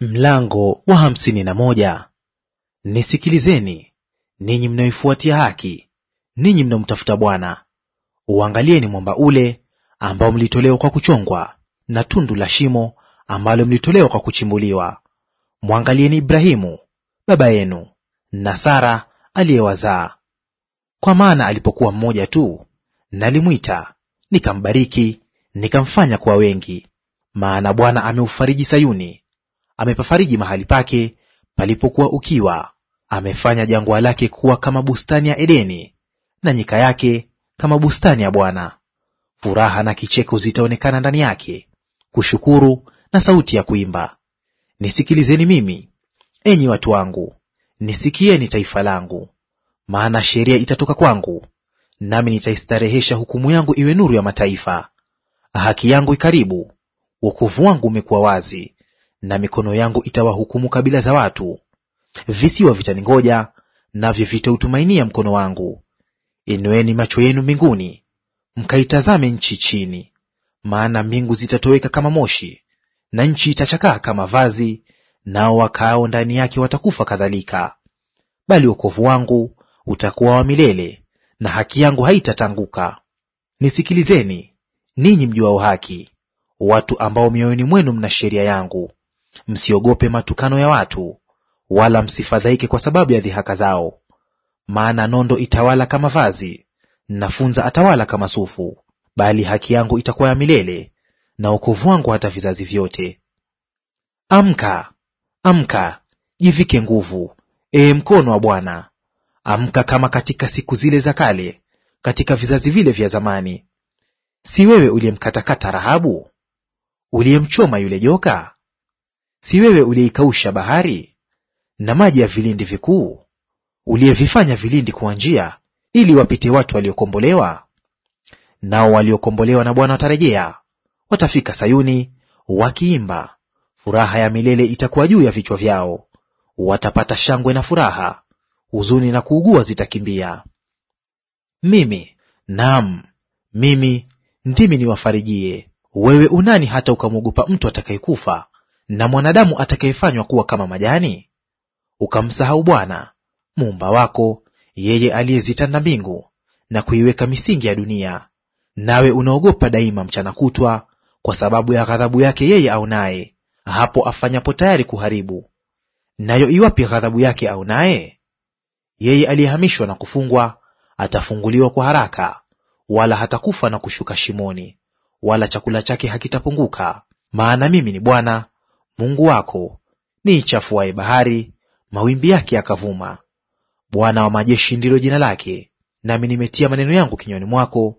Mlango wa hamsini na moja. Nisikilizeni ninyi mnaoifuatia haki, ninyi mnaomtafuta Bwana. Uangalieni mwamba ule ambao mlitolewa kwa kuchongwa, na tundu la shimo ambalo mlitolewa kwa kuchimbuliwa. Mwangalieni Ibrahimu baba yenu na Sara aliyewazaa. Kwa maana alipokuwa mmoja tu, nalimwita nikambariki, nikamfanya kuwa wengi. Maana Bwana ameufariji Sayuni amepafariji mahali pake palipokuwa ukiwa, amefanya jangwa lake kuwa kama bustani ya Edeni, na nyika yake kama bustani ya Bwana. Furaha na kicheko zitaonekana ndani yake, kushukuru na sauti ya kuimba. Nisikilizeni mimi, enyi watu wangu, nisikieni taifa langu. Maana sheria itatoka kwangu, nami nitaistarehesha hukumu yangu iwe nuru ya mataifa. Haki yangu ikaribu, wokovu wangu umekuwa wazi, na mikono yangu itawahukumu kabila za watu. Visiwa vitaningoja, navyo vitautumainia mkono wangu. Inueni macho yenu mbinguni, mkaitazame nchi chini, maana mbingu zitatoweka kama moshi, na nchi itachakaa kama vazi, nao wakaao ndani yake watakufa kadhalika. Bali wokovu wangu utakuwa wa milele, na haki yangu haitatanguka. Nisikilizeni ninyi mjuao haki, watu ambao mioyoni mwenu mna sheria yangu. Msiogope matukano ya watu, wala msifadhaike kwa sababu ya dhihaka zao. Maana nondo itawala kama vazi, na funza atawala kama sufu. Bali haki yangu itakuwa ya milele, na wokovu wangu hata vizazi vyote. Amka, amka, jivike nguvu, ee mkono wa Bwana. Amka kama katika siku zile za kale, katika vizazi vile vya zamani. Si wewe uliyemkatakata Rahabu, uliyemchoma yule joka? Si wewe uliyeikausha bahari na maji ya vilindi vikuu, uliyevifanya vilindi kuwa njia ili wapite watu waliokombolewa? Nao waliokombolewa na Bwana watarejea, watafika Sayuni wakiimba, furaha ya milele itakuwa juu ya vichwa vyao. Watapata shangwe na furaha, huzuni na kuugua zitakimbia. Mimi naam, mimi ndimi niwafarijie. Wewe unani hata ukamwogopa mtu atakayekufa na mwanadamu atakayefanywa kuwa kama majani, ukamsahau Bwana muumba wako, yeye aliyezitanda mbingu na kuiweka misingi ya dunia, nawe unaogopa daima mchana kutwa, kwa sababu ya ghadhabu yake yeye aonaye, hapo afanyapo tayari kuharibu. Nayo iwapi ghadhabu yake aonaye? Yeye aliyehamishwa na kufungwa atafunguliwa kwa haraka, wala hatakufa na kushuka shimoni, wala chakula chake hakitapunguka. Maana mimi ni Bwana Mungu wako ni ichafuaye bahari, mawimbi yake yakavuma. Bwana wa majeshi ndilo jina lake. Nami nimetia maneno yangu kinywani mwako,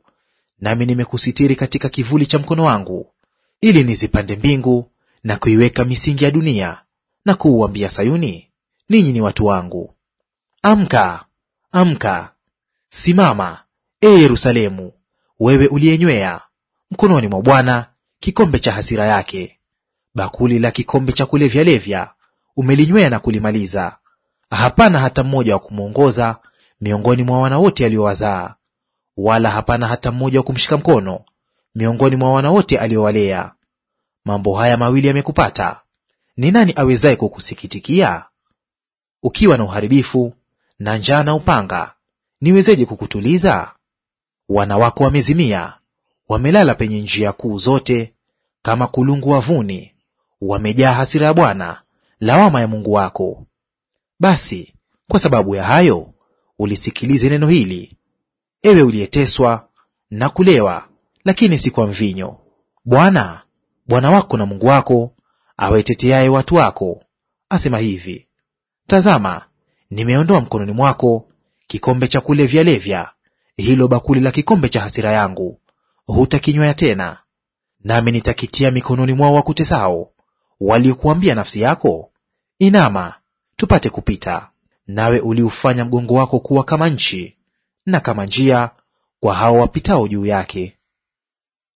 nami nimekusitiri katika kivuli cha mkono wangu, ili nizipande mbingu na kuiweka misingi ya dunia, na kuuambia Sayuni, ninyi ni watu wangu. Amka, amka, simama, e Yerusalemu, wewe uliyenywea mkononi mwa Bwana kikombe cha hasira yake bakuli la kikombe cha kulevyalevya umelinywea na kulimaliza, hapana hata mmoja wa kumwongoza miongoni mwa wana wote aliowazaa, wala hapana hata mmoja wa kumshika mkono miongoni mwa wana wote aliowalea. Mambo haya mawili yamekupata, ni nani awezaye kukusikitikia? Ukiwa na uharibifu na njaa na upanga, niwezeje kukutuliza? Wana wako wamezimia, wamelala penye njia kuu zote, kama kulungu wavuni, wamejaa hasira ya Bwana, lawama ya Mungu wako. Basi kwa sababu ya hayo ulisikilize neno hili, ewe uliyeteswa na kulewa, lakini si kwa mvinyo. Bwana Bwana wako na Mungu wako aweteteaye watu wako asema hivi: Tazama, nimeondoa mkononi mwako kikombe cha kulevya levya, hilo bakuli la kikombe cha hasira yangu hutakinywea tena, nami nitakitia mikononi mwao wakutesao, waliokuambia nafsi yako, Inama tupate kupita. Nawe uliufanya mgongo wako kuwa kama nchi na kama njia kwa hao wapitao juu yake.